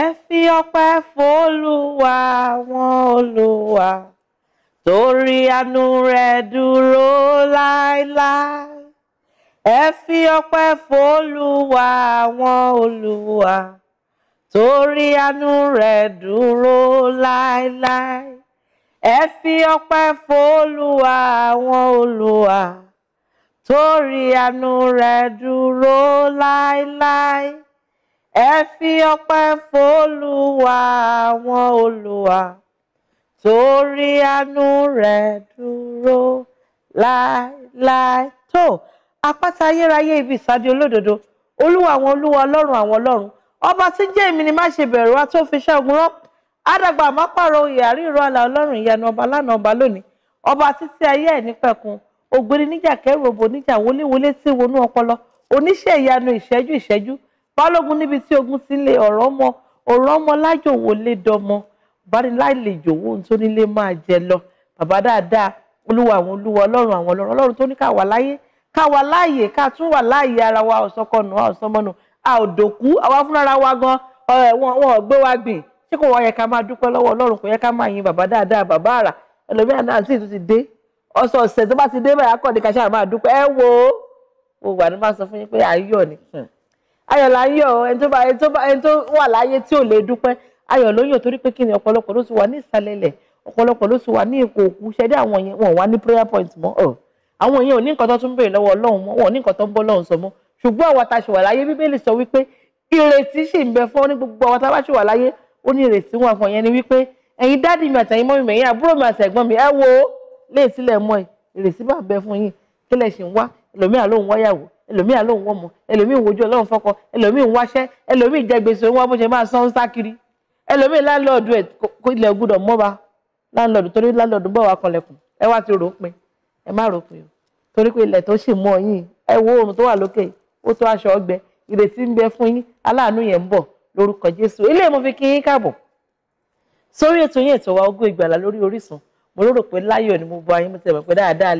ẹ fi ọpẹ́ f'Olúwa wọn Olúwa torí àánú rẹ̀ dúró láéláé ẹ fi ọpẹ́ f'Olúwa wọn Olúwa torí àánú rẹ̀ dúró láéláé ẹ fi ọpẹ́ f'Olúwa wọn Olúwa torí àánú rẹ̀ dúró láéláé ẹ fi ọpẹ́ f'Olúwa àwọn Olúwa torí àánú rẹ̀ dúró láéláé tó àpáta ayérayé ibi ìsádi olódodo olúwa àwọn olúwa ọlọ́run àwọn ọlọ́run ọba tí jẹ́ èmi ni má ṣe bẹ̀rù wa tó fi iṣẹ́ ogun rán àdàgbà àmọ́pàrọ̀ oyè àríro àlà ọlọ́run ìyanu ọba lánàá ọba lónìí ọba títí ayé ẹ̀ nípẹ̀kun ògbéni níjà kẹrù òbò níjà wọléwọlé tí wọnú ọpọlọ oníṣẹ́ ìyanu ìṣẹ́jú ìṣẹ́jú balógun níbi tí ogun ti lé ọ̀rọ̀ mọ ọ̀rọ̀ mọ lájò wo lé dọmọ bániláìlèjò wo tó nílé máa jẹ lọ bàbá dáadáa olúwa àwọn olúwa ọlọ́run àwọn ọlọ́run ọlọ́run tó ní ká wà láyé ká wà láàyè ká tún wà láàyè ara wa ọ̀sọ́kọ̀nù a ọ̀sọ́mọ́nù a ò dòkú àwa fúnra wa gan wọn ò gbé wa gbìn ṣé kò wá yẹ ká máa dúpẹ́ lọ́wọ́ ọlọ́run kò yẹ ká máa yin bàbá dáadáa bàbá àrà ẹlòmíràn náà sì tún ti dé ọ̀sọ̀ọ̀sẹ̀ tó bá ti dé báyà kọ́ ká ṣáà máa dúpẹ́ ẹ wo mo wà sọ fún yín pé àyọ̀ ni ayọ̀ là ń yọ̀ ẹni tó bá ẹni tó bá ẹni tó wà láyé tí ò lè dúpẹ́ ayọ̀ ló torí pé kí ni ọ̀pọ̀lọpọ̀ ló ti wà ní ìsàlẹ̀ ọ̀pọ̀lọpọ̀ ló ti wà ní ipò òkú ṣẹ́dá àwọn yẹn wọn wá ní prayer point mọ́ ọ̀ àwọn yẹn ò ní nǹkan tó tún béèrè lọ́wọ́ ọlọ́run mọ́ wọn ò ní nǹkan tó ń bọ́ lọ́run sọ mọ́ ṣùgbọ́n àwa tá a ṣì wà láyé bíbélì sọ wípé ìrètí sì ń bẹ fún ní gbogbo àwa tá bá ṣì wà láyé ó ní ìrètí wọn fún yẹn ni wípé ẹ̀yin dáàdì mi àtẹ̀yin mọ́mí mi ẹ̀yin àbúrò mi àtẹ̀gbọ́n mi ẹ wo lè e sílẹ̀ mọ́ ẹ ìrètí bá bẹ fún yín kí lẹ ṣì ń wá ẹlòmíà ló wáyàwó ẹlòmíì àlóhùn wọ́n mọ̀ ẹlòmíì wojú ọlọ́run fọ́kọ ẹlòmíì wáṣẹ́ ẹlòmíì jẹ gbèsè wọn bó ṣe máa san kiri láńlọ́ọ̀dù ẹ̀ kó ilẹ̀ gbúdọ̀ mọ́ba láńlọ́ọ̀dù torí láńlọ́ọ̀dù bọ̀ wá kanlẹ̀kùn ẹ wá ti ròpin ẹ má ròpin o torí pé ilẹ̀ tó ṣì mọ́ yín ẹ wo oòrùn tó wà lókè ó tó aṣọ ọgbẹ ìrètí ń bẹ fún yín aláàánú yẹn ń bọ̀ lórúkọ Jésù ilé mo fi kí yín káàbọ̀ sórí ètò ètò lórí Orísun mo lérò pé láyọ̀ ni mo bọ ayé mo tẹ̀ pé dáadáa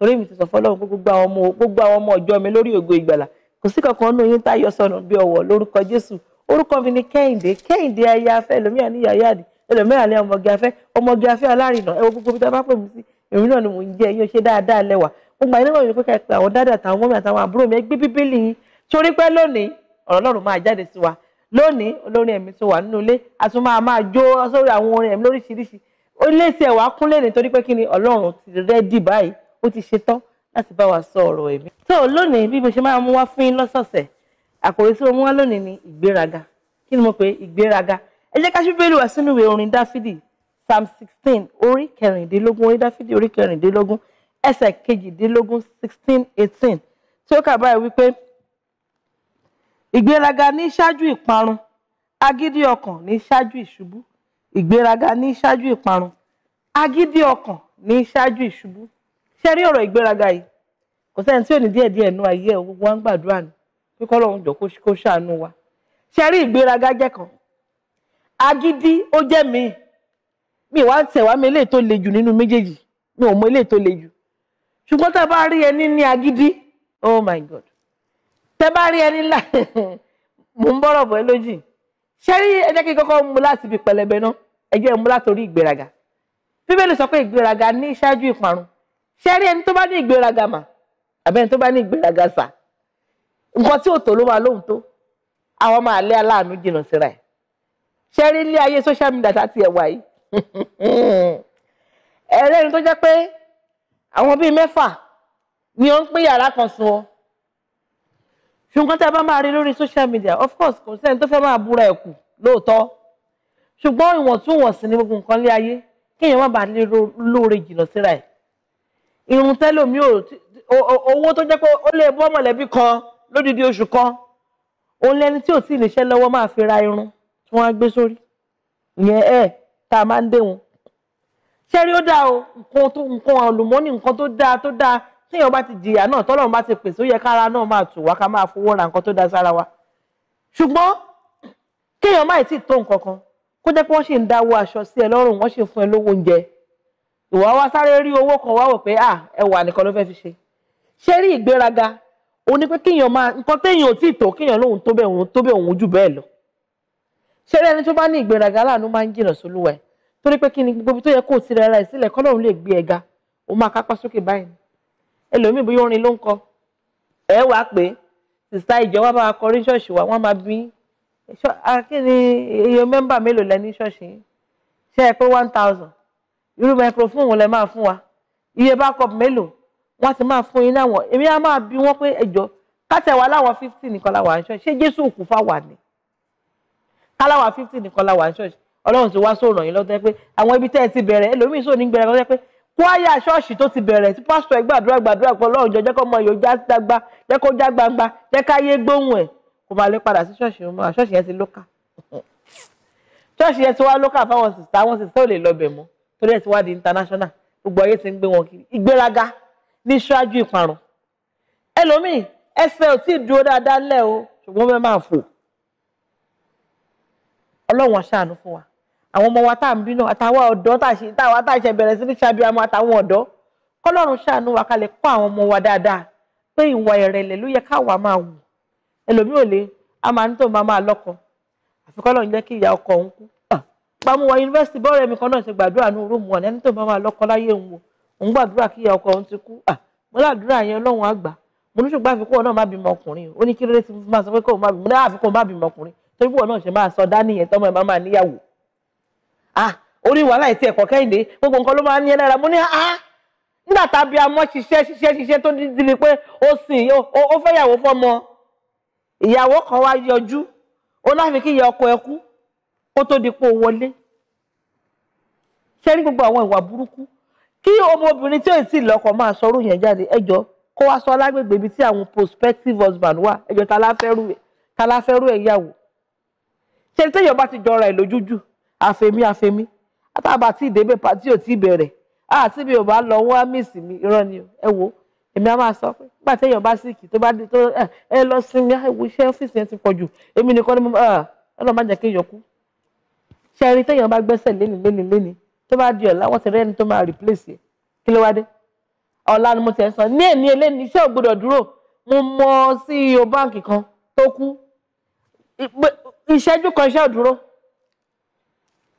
torí mi ti sọ fọlọ́run gbogbo àwọn ọmọ gbogbo àwọn ọmọ ọjọ́ mi lórí ògo ìgbàlà kò sí kankan nínú yín táyọ̀ sọnù bí ọwọ́ lórúkọ Jésù orúkọ mi ni Kẹ́hìndé Kẹ́hìndé aya afẹ́ ẹlòmíà ní yàyàdì ẹlòmíà ní ọmọge afẹ́ ọmọge afẹ́ alárinà ẹwọ gbogbo bí tá a bá pè mí sí èmi náà ni mò ń jẹ ẹyin ṣe dáadáa lẹ́wà mo gbà nínú ìwé pé pé àwọn dáadáa àtàwọn mọ́mí àtàwọn àbúrò mi ẹgbẹ́ bíbélì yín torí pé lónìí ọ̀rọ̀ Ọlọ́run máa jáde sí wa lónìí olórin ẹ̀mí tó wà nínú ilé a tún máa máa jó sórí àwọn orin ẹ̀mí lóríṣiríṣi ó lé ẹ̀wà kúnlẹ̀ nítorí pé kí ni Ọlọ́run ti rẹ́dì báyìí ó ti ṣetán láti bá wa sọ ọ̀rọ̀ ẹ̀mí. tó lónìí bí mo ṣe máa mú wá fún yín lọ́sọ̀ọ̀sẹ̀ àkòrí tí mo mú wá lónìí ni ìgbéraga kí ni mo pè ìgbéraga ẹ jẹ́ ká ṣíbélì wá sínú ìwé orin dáfídì psalm sixteen orí kẹrìndínlógún orí dáfídì orí kẹrìndínlógún ẹsẹ̀ kejìdínlógún sixteen eighteen tí ó kà báyìí wípé ìgbéraga ní ṣáájú ìparun agídí ọkàn ní ṣáájú ìṣubú ìgbéraga ní ṣáájú ìparun agídí ọkàn ní ṣáájú ìṣubú ṣe rí ọ̀rọ̀ ìgbéraga yìí kò sẹ́ni tí ò ní díẹ̀díẹ̀ nú ayé ẹ̀ gbogbo wa ń gbàdúrà ni pé kọ́lọ́run jọ kó ṣàánú wa ṣe rí ìgbéraga jẹ́ kan agídí ó jẹ́ mi mi wá ń tẹ̀ wá mi eléyìí tó le jù nínú méjèèjì mi ò mọ eléyìí tó le jù ṣùgbọ́n tá a bá rí ẹni ní agídí oh my god tẹ́ bá rí ẹni là mò ń bọ́rọ̀ bọ́ ẹ lójì ṣé rí ẹ jẹ́ kí kọ́kọ́ mú láti ibi pẹlẹbẹ náà ẹ jẹ́ mú látòrí ìgbéraga bíbélì sọ pé ìgbéraga ní ṣáájú ìparun ṣẹ́rí ẹni tó bá ní ìgbéraga mà àbẹ́ni tó bá ní ìgbéraga sà nǹkan tí ò tó ló máa lóhùn tó àwọn máa lé aláàánú jìnnà síra ẹ̀ ṣẹ́rí ilé ayé social media tá ti ẹ̀ wà yìí ẹ̀rẹ́ni tó jẹ́ pé àwọn bíi mẹ́fà ni ó ń pín yàrá kan sùn ọ́ ṣùgbọ́n tí a bá máa rí lórí social media of course kò sẹ́ni tó fẹ́ máa búra ẹ̀ kù lóòótọ́ ṣùgbọ́n ìwọ̀ntúnwọ̀nsì ni gbogbo nǹkan lé ayé kéèyàn má bàa lè lóore jìnnà síra ẹ̀ irun tẹ́lòmí ò owó tó jẹ́ pé ó lè bọ́ mọ̀lẹ́bí kan lódìdí oṣù kan òun lẹni tí ò tí ì níṣẹ́ lọ́wọ́ máa fi ra irun tí wọ́n á gbé sórí ìyẹn ẹ̀ tá a máa ń dé wọn. ṣẹ́rí ó dáa o nǹkan tó nǹkan àlùmọ́nì nǹkan tó dáa tó dáa téèyàn bá ti jìyà náà tọ́lọ́run bá ti pèsè ó yẹ kára náà máa tù wá ká máa fowó ra nǹkan tó dáa sára wa. ṣùgbọ́n kéèyàn má ì tí ì tó nǹkan kan kó jẹ́ pé wọ́n sì ń dáwó aṣọ sí ẹ lọ́rùn wọ́n sì fún ẹ lówó oúnjẹ ìwà wa sáré rí owó kan wá wò pé à ah, ẹwà nìkan ló fẹ́ fi ṣe ṣé rí ìgbéraga ó ní pé kíyàn máa nǹkan téèyàn ò tí ì tó kíyàn lóhun tó bẹ́ẹ̀ òun tó bẹ́ẹ̀ òun jù bẹ́ẹ̀ lọ ṣé rí ẹni tó bá ní ìgbéraga láàánú máa ń jìnà sólúwa torí pé kí ni gbogbo tó yẹ kó ti rẹra ẹ̀ sílẹ̀ kọ́ lóun lè gbé ẹ̀ ga ó máa kápá sókè báyìí ẹlòmíì bóyá orin ló ń kọ ẹ wàá pé sìsá ìjọ wa máa kọrin ṣọ́ọ̀ṣì wa wọ́n máa bí kí ni iye mẹ́mbà mélòó lẹ ní ṣọ́ọ̀ṣì ṣe é pé one thousand irú microphone wọn lẹ máa fún wa iye backup mélòó wọn ti máa fún yín láwọn èmi á máa bi wọn pé ẹjọ kátẹ wa láwọn fifty nìkan láwọn à ń ṣọ́ọ̀ṣì ṣé jésù òkú fáwà ni káláwọn fifty nìkan láwọn à ń ṣọ́ọ̀ṣì ọlọ́run ti wá sọ̀rọ̀ yín lọ́tọ́ pé àwọn ibi tẹ́ ẹ ti bẹ̀rẹ̀ ẹlòmíín sóò ní gbẹrẹ lọ́tọ́ pé kwaya ṣọ́ọ̀ṣì tó ti bẹ̀rẹ̀ tí pásítọ̀ ẹ gbàdúrà gbàdúrà pé ọlọ́run jọ jẹ́ kó ọmọ yòó já gbagba jẹ́ kó já gbangba jẹ́ káyé gbóhùn ẹ̀ kó máa lé padà sí ṣọ́ọ̀ṣì mọ́ ṣọ́ọ̀ṣì yẹn ti lókà ṣọ́ọ̀ṣì yẹn ti wá lókà fáwọn sìsá àwọn sìsá ò lè lọ bẹ̀ mọ́ torí ẹ̀ di international gbogbo ayé ti ń gbé wọn kiri ìgbéraga ní ṣáájú ìparun ẹlòmíì ẹsẹ̀ ò tí ì dúró o ṣùgbọ́n bẹ́ẹ̀ máa fò ọlọ́run aṣáàánú fún wa àwọn ọmọ wa tá à ń bínú àtàwọn ọ̀dọ́ tá àwa tá àṣẹ bẹ̀rẹ̀ sí ní àtàwọn ọ̀dọ́ ṣàánú wa kọ́ àwọn ọmọ wa dáadáa pé ìwà ìrẹ̀lẹ̀ ló yẹ káwa máa wù ẹlòmíì ò lè a máa ń tó máa pàmò wa yunifásitì bọ́ọ̀rẹ́ mi kan náà ṣe gbàdúrà ní rúùmù ọ̀nà ẹni tó bá máa lọ́kọ láyé òun o òun gbàdúrà kí ìyá ọkọ òun ti kú à mo láàdúrà yẹn ọlọ́run àgbà mo ní ṣùgbọ́n àfikún ọ̀nà má bímọ ọkùnrin ó ní kí ló dé tí mo máa sọ pé kó o má bímọ náà àfikún má bímọ ọkùnrin torí pé ọ̀nà ṣe máa sọ dání yẹn tọ́mọ ẹ̀ má máa níyàwó ah orí wàhálà ìtì ẹ̀kọ́ kẹ́hìndé gbogbo nǹkan ló máa ń ní ẹ lára mo ní ah nígbà tàbí amọ́ ṣiṣẹ́ ṣiṣẹ́ ṣiṣẹ́ tó di ni pé ó sìn ó fẹ́ yàwó fọ́mọ ìyàwó kan wá yọjú ó láfi kí ìyá ọkọ ẹ kú kó tó di pé o wọlé ṣé ní gbogbo àwọn ìwà burúkú kí ọmọbìnrin tí ò tí ì lọ́kọ máa sọrú yẹn jáde ẹjọ́ kó wá sọ lágbègbè ibi tí àwọn prospective husband wà ẹjọ́ ta la fẹ́ rú ẹ̀ ta la fẹ́ rú ẹ̀ yàwó ṣé ní tẹ́yọ̀ bá ti jọra ẹ̀ lójújù àfẹ́mí àfẹ́mí àtàbà tí ìdébẹ̀ pàtí ò tí ì bẹ̀rẹ̀ àti bí o bá lọ wọ́n á mísì mi irọ́ ni ẹ wo èmi á máa sọ pé nígbà téèyàn bá síkì tó bá dé tó ah, ẹ lọ sinmi ah, ẹ wo iṣẹ́ ọ́fíìsì yẹn ti pọ̀ jù èmi nìkan ni mo ẹ ah, lọ́ọ́ má jẹ́ kéèyàn kú ṣẹ́rí téèyàn bá gbẹ́sẹ̀ léni léni léni tó bá di ọ̀la wọ́n ti rẹ́ni tó máa replace ẹ̀ kí ló wá dé ọ̀la ni mo ti ẹ̀ sọ ní èmi eléni iṣẹ́ ò gbọdọ̀ dúró mo mọ CEO báǹkì kan tó kú ìṣẹ́jú kan iṣẹ́ ò dúró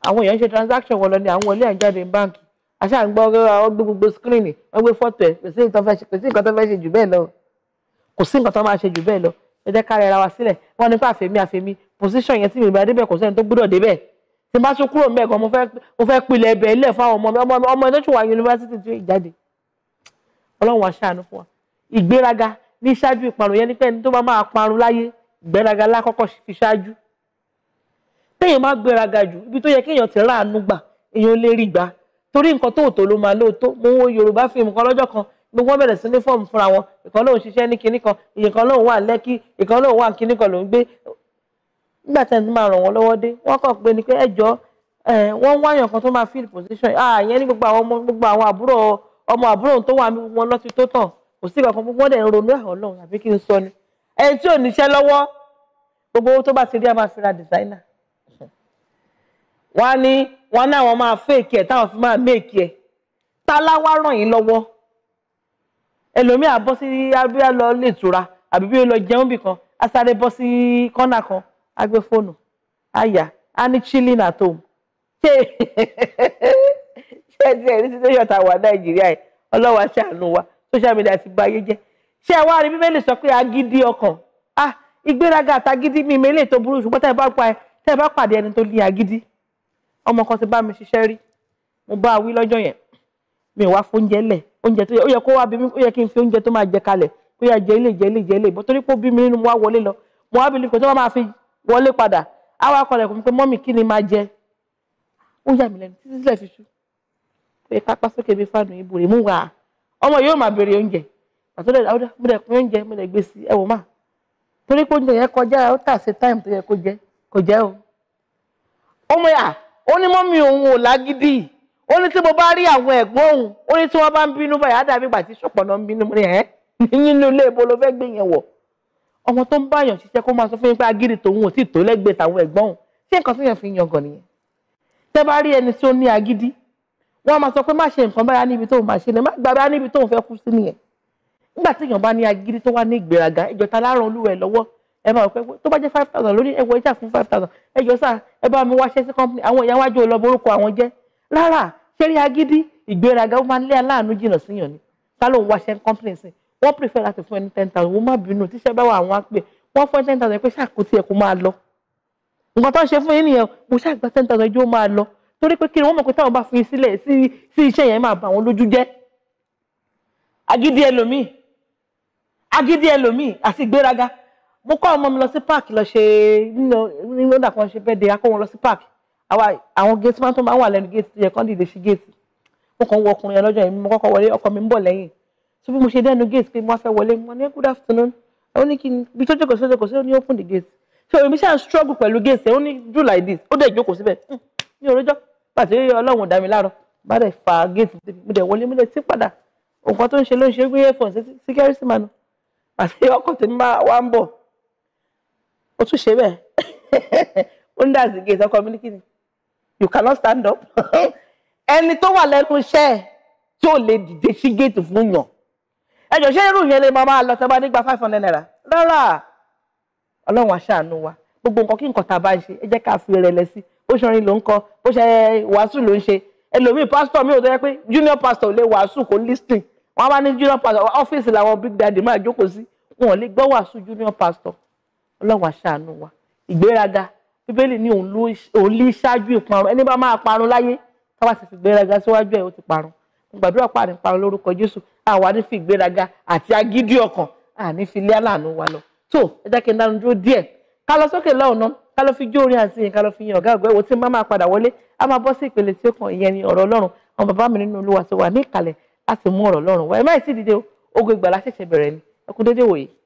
àwọn èèyàn ń ṣe transaction wọn lọ ní àwọn ilé àjáde báǹkì àṣà ń gbọ́ wọ́n gbé gbogbo screen wọ́n gbé fọ́tò ẹ̀ kò sí nǹkan tó fẹ́ ṣe jù bẹ́ẹ̀ lọ kò sí nǹkan tó máa ṣe jù bẹ́ẹ̀ lọ ẹ jẹ́ ká rẹra wa sílẹ̀ wọ́n ní pàfẹ́mi àfẹ́mi position yẹn tí mi bá débẹ̀ kò sẹ́ni tó gbọ́dọ̀ débẹ̀ tí n bá tún kúrò mbẹ gan mo fẹ́ mo fẹ́ pilẹ̀ ẹbẹ̀ ilẹ̀ fáwọn ọmọ mi ọmọ ẹ tó tún wà yunifásitì tó ìjáde ọlọ́run wá ṣàánú fún wa ìgbéraga ní ṣáájú ìparun yẹn ni pé ẹni tó bá máa parun láyé ìgbéraga lákọ́kọ́ fi ṣáájú téèyàn má gbéraga jù ibi tó yẹ kéèyàn ti ráàánú gbà èèyàn lè rí gbà torí nǹkan tóòtó ló máa lóòótọ́ mo wo yorùbá fíìmù kan lọ́jọ́ kan gbogbo bẹ̀rẹ̀ sí ní fọ́ọ̀mù fúnra wọn ìkan lóun ṣiṣẹ́ ní kinní kan ìkan lóun wà lẹ́kí ìkan lóun wà kinní kan lòún gbé nígbà tí ẹni tó máa ràn wọ́n lọ́wọ́ dé wọ́n kàn pé ni pé ẹjọ́ wọ́n ń wáyàn kan tó máa fill position àyẹn ah, ní gbogbo àwọn ọmọ gbogbo àwọn àbúrò ọmọ àbúrò tó wà ní wọn lọ́ti tó tàn kò sí kankan gbogbo wọn dẹ̀ ń ronú ẹ̀họ́ ah, lọ́hùn àbí kí n sọ ni ẹni tí ò níṣẹ́ lọ́wọ́ gbogbo owó tó bá ti rí a máa fi ra designer wọ́n á ní wọ́n náà wọ́n máa fake ẹ̀ táwọn fi máa make ẹ̀ tá láwá ràn yín lọ́wọ́ ẹlòmíà bọ́ sí abíyá lọ lè tura àbí bí ó lọ jẹun bì kan á sáré bọ́ sí kọ́nà kan á gbé fóònù á á ní chilling at home ṣé ṣé ti ẹ̀rí situation tá a wà nàìjíríà yìí ọlọ́wà ṣàánú wa social media ti bà ayé jẹ́ ṣé ẹ wá rí bíbélì sọ pé agídí ọkàn ah ìgbéraga àtagídí mi ìmẹ́lẹ̀ tó burú ṣùgbọ́n tẹ́ ẹ bá pa ẹ tẹ́ ẹ bá pàdé ẹni tó ní agídí ọmọ kan ti bá mi ṣiṣẹ́ rí mo bá a wí lọ́jọ́ yẹn mi ò wá fóúnjẹ lẹ̀ oúnjẹ tó yẹ ó yẹ kó wá bí mi ó yẹ kí n fi oúnjẹ tó máa jẹ kalẹ̀ ó yà jẹ ilé jẹ ilé jẹ ilé bó torí pé ó bí mi nínú wa wọlé lọ mo wá bí lifin tó máa fi wọlé padà á wá kọlẹ̀ pé mọ́mì kí ni máa jẹ ó yà mí lẹ́nu títí sílẹ̀ fi pé pápá sókè bí fáànù ìbò rè mú wà á ọmọ yóò máa béèrè oúnjẹ pàtó oúnjẹ gbé sí máa torí pé oúnjẹ yẹn kọjá ó tà sí táìmù o ọmọ yà ó ní mọ́mì òun ò lágídí ó ní tí mo bá rí àwọn ẹ̀gbọ́n òun ó ní tí wọ́n bá ń bínú báyìí á dàbí ìgbà tí ń bínú rẹ̀ ẹ́ nínú ilé ló fẹ́ ọmọ tó ń bá yàn ṣiṣẹ́ kó máa sọ fún yín pé agídí tòun ò sì tó lẹ́gbẹ̀ẹ́ tàwọn ẹ̀gbọ́n òun ṣé nǹkan tó yàn fi yan gan nìyẹn tẹ́ bá rí ẹni tí ó ní agídí wọ́n máa sọ pé má ṣe nǹkan báyà níbi tóun máa ṣe lẹ má gbàgbá níbi tóun fẹ́ kú sí nìyẹn nígbà tí èèyàn bá ní agídí tó wá ní ìgbéraga ẹjọ ta láàrán olúwẹ lọ́wọ́ ẹ máa pẹ tó bá jẹ́ five thousand lórí ẹwọ ìjà fún five thousand ẹjọ sá ẹ bá mi wáṣẹ́ company àwọn èèyàn wájú ọlọ borúkọ àwọn jẹ́ rárá ṣẹrí agídí ìgbéraga ó máa ń lé aláàánú jìnnà síyàn ni company sí wọ́n prefer láti fún ẹni ten thousand wọ́n má bínú tíṣẹ́ bá wà àwọn á pè wọ́n fún ten thousand pé ṣàkóso ẹ̀ kó máa lọ nǹkan tó ń ṣe fún yín nìyẹn mo ṣàgbà ten thousand ẹjọ́ máa lọ torí pé kí ni wọ́n mọ̀ pé táwọn bá fi yín sílẹ̀ sí iṣẹ́ yẹn máa bà wọ́n lójú jẹ́ agídí ẹlòmíì agídí ẹlòmíì àti ìgbéraga mo kọ́ ọmọ mi lọ sí páàkì lọ ṣe nínú ọ̀dà kan ṣe bẹ́ẹ̀ de akọ́ wọn lọ sí páàkì àwọn géètì máa ń tó máa ń wà lẹ́nu géètì yẹ kán dìde sí géètì mo kàn wọ ọkùnrin yẹn lọ́jọ́ yẹn mo kọ́kọ́ wọlé ọkọ mi ń bọ̀ lẹ́yìn so bí mo ṣe dẹnu gate pé mo fẹ́ wọlé mo ní good afternoon ó ní kí n bí tó jókòó sójókòó sí ó ní open the gate so èmi ṣáà struggle pẹ̀lú gate ẹ̀ ó ní do like this ó dẹ̀ jókòó síbẹ̀ ní mm, òrojọ́ pàtó yẹ ọlọ́run dá mi láàárọ̀ bá dẹ̀ fa gate mo dẹ̀ wọlé mo dẹ̀ sí padà nǹkan tó ń ṣe ló ń ṣe gbé earphone sí kẹ́rìsì mánu àti ọkọ̀ tí máa wá ń bọ̀ ó tún ṣe bẹ́ẹ̀ ó ń dà sí gate ọkọ̀ mi ní kíni you cannot stand up ẹni tó wà lẹ́nu iṣẹ́ tí ò lè dìde sí gate fún yàn ẹjọ ṣé irú yẹn lè máa máa lọ tẹ́ bá nígbà five hundred naira rárá ọlọ́run àṣàánú wa gbogbo nǹkan kí nǹkan tá a bá ń ṣe ẹ jẹ́ ká fi rẹ̀lẹ̀ sí bó ṣọrin ló ń kọ bó ṣe wàásù ló ń ṣe ẹlòmíì pásítọ̀ mi ò tẹ́ pé junior pastor lè wàásù kó listing wọn bá ní junior pastor ọ́fíìsì làwọn big daddy máa jókòó sí wọn ò lè gbọ́ wàásù junior pastor ọlọ́run àṣàánú wa ìgbéraga bíbélì ní òun ló ṣáájú ìparun ẹni bá máa parun láyé táwa sì fi ìgbéraga síwájú ẹ̀ ó ti parun gbàdúrà pàdé pa lórúkọ jésù àwa ní fi ìgbéraga àti agídí ọkàn àní fi lé àlànà wa lọ tó ẹ jẹ́ kí n dánu dúró díẹ̀ ká lọ sókè lọ́ọ̀nà ká lọ fi jó orin àti ìyìn ká lọ fi yan ọ̀gá ọ̀gbẹ́ wo tí máa padà wọlé a máa bọ́ sí ìpele tí ó kàn ìyẹn ni ọ̀rọ̀ ọlọ́run àwọn bàbá mi nínú olúwa ti wà ní ìkàlẹ̀ láti mú ọ̀rọ̀ ọlọ́run wá ẹ má ì sí dìde o ṣẹ̀ṣẹ̀ bẹ̀rẹ̀ ni ẹ déédéé wòye.